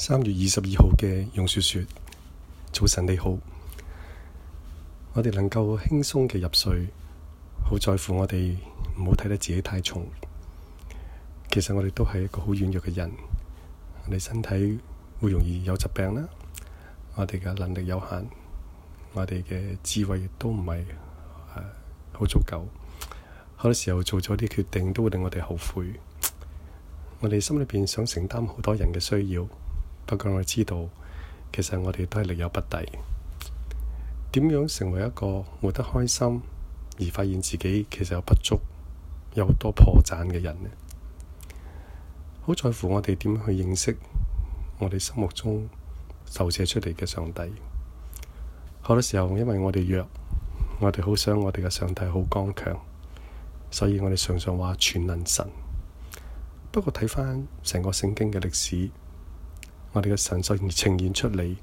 三月二十二號嘅容雪雪，早晨你好。我哋能夠輕鬆嘅入睡，好在乎我哋唔好睇得自己太重。其實我哋都係一個好軟弱嘅人，我哋身體會容易有疾病啦。我哋嘅能力有限，我哋嘅智慧亦都唔係好足夠。好多時候做咗啲決定都會令我哋後悔。我哋心裏邊想承擔好多人嘅需要。不過我知道，其實我哋都係力有不逮。點樣成為一個活得開心而發現自己其實有不足、有好多破綻嘅人咧？好在乎我哋點去認識我哋心目中投射出嚟嘅上帝。好多時候，因為我哋弱，我哋好想我哋嘅上帝好剛強，所以我哋常常話全能神。不過睇翻成個聖經嘅歷史。我哋嘅神所而呈現出嚟，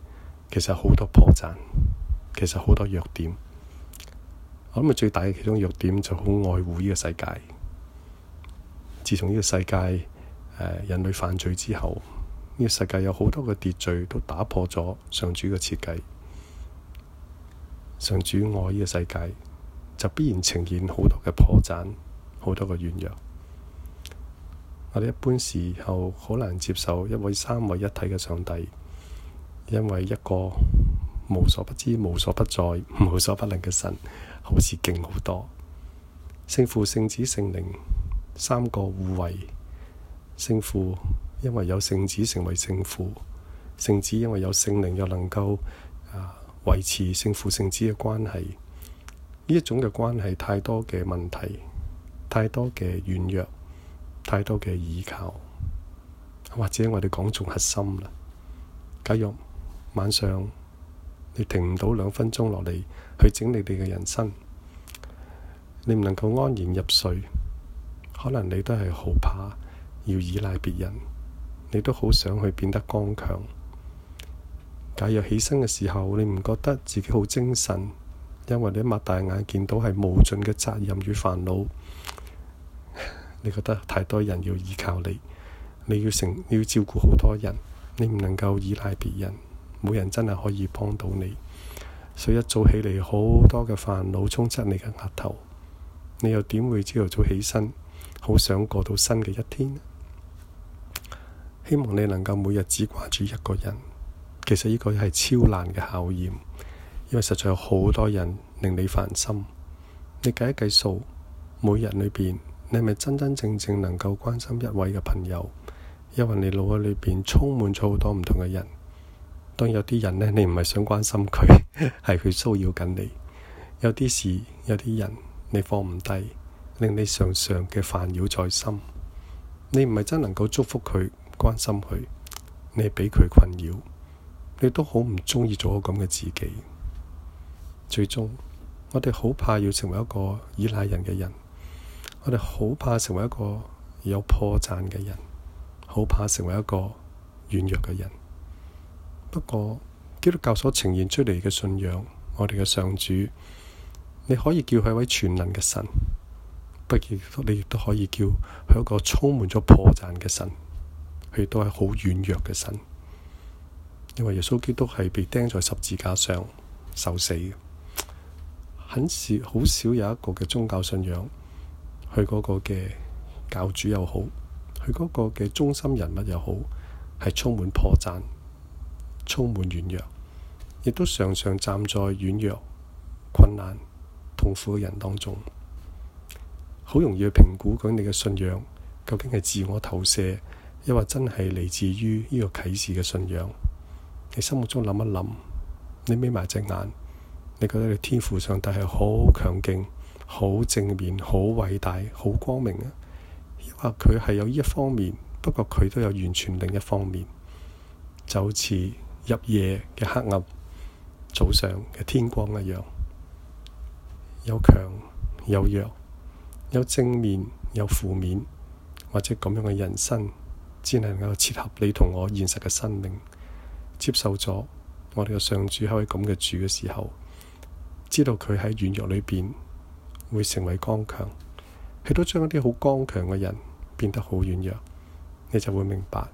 其實好多破綻，其實好多弱點。我諗最大嘅其中弱點就好愛護呢個世界。自從呢個世界、呃、人類犯罪之後，呢、這個世界有好多嘅秩序都打破咗上主嘅設計。上主愛呢個世界，就必然呈現好多嘅破綻，好多嘅軟弱。我哋一般時候好難接受一位三位一體嘅上帝，因為一個無所不知、無所不在、無所不能嘅神，好似勁好多。聖父、聖子、聖靈三個互為聖父，因為有聖子成為聖父；聖子因為有聖靈又能夠啊維持聖父聖子嘅關係。呢一種嘅關係太多嘅問題，太多嘅軟弱。太多嘅依靠，或者我哋講仲核心啦。假如晚上你停唔到兩分鐘落嚟去整理你嘅人生，你唔能夠安然入睡，可能你都係好怕要依賴別人，你都好想去變得剛強。假若起身嘅時候你唔覺得自己好精神，因為你擘大眼見到係無盡嘅責任與煩惱。你覺得太多人要依靠你，你要成你要照顧好多人，你唔能夠依賴別人，冇人真係可以幫到你，所以一早起嚟，好多嘅煩惱衝出你嘅額頭，你又點會朝頭早起身，好想過到新嘅一天呢？希望你能夠每日只掛住一個人。其實呢個係超難嘅考驗，因為實在有好多人令你煩心。你計一計數，每日裏邊。你係咪真真正正能夠關心一位嘅朋友？因為你腦海裏邊充滿咗好多唔同嘅人。當有啲人呢，你唔係想關心佢，係佢騷擾緊你。有啲事，有啲人，你放唔低，令你常常嘅煩擾在心。你唔係真能夠祝福佢，關心佢，你俾佢困擾，你都好唔中意做個咁嘅自己。最終，我哋好怕要成為一個依賴人嘅人。我哋好怕成為一個有破綻嘅人，好怕成為一個軟弱嘅人。不過基督教所呈現出嚟嘅信仰，我哋嘅上主，你可以叫佢一位全能嘅神，不過你亦都可以叫佢一個充滿咗破綻嘅神，佢都係好軟弱嘅神。因為耶穌基督係被釘在十字架上受死嘅，很少好少有一個嘅宗教信仰，佢嗰個嘅教主又好，佢嗰個嘅中心人物又好，係充滿破綻，充滿軟弱，亦都常常站在軟弱、困難、痛苦嘅人當中，好容易去評估佢你嘅信仰究竟係自我投射，抑或真係嚟自於呢個啟示嘅信仰。你心目中諗一諗，你眯埋隻眼，你覺得你天父上帝係好強勁？好正面、好偉大、好光明啊！話佢係有呢一方面，不過佢都有完全另一方面，就好似入夜嘅黑暗，早上嘅天光一樣，有強有弱，有正面有負面，或者咁樣嘅人生，先係能夠切合你同我現實嘅生命，接受咗我哋嘅上主可以咁嘅主嘅時候，知道佢喺軟弱裏邊。會成為剛強，佢都將一啲好剛強嘅人變得好軟弱，你就會明白，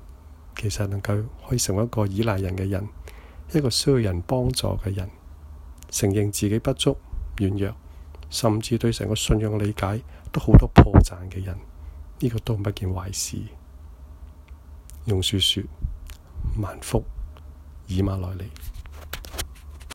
其實能夠可以成為一個依賴人嘅人，一個需要人幫助嘅人，承認自己不足、軟弱，甚至對成個信仰理解都好多破綻嘅人，呢個都唔係件壞事。用樹說，說：萬福以馬內利。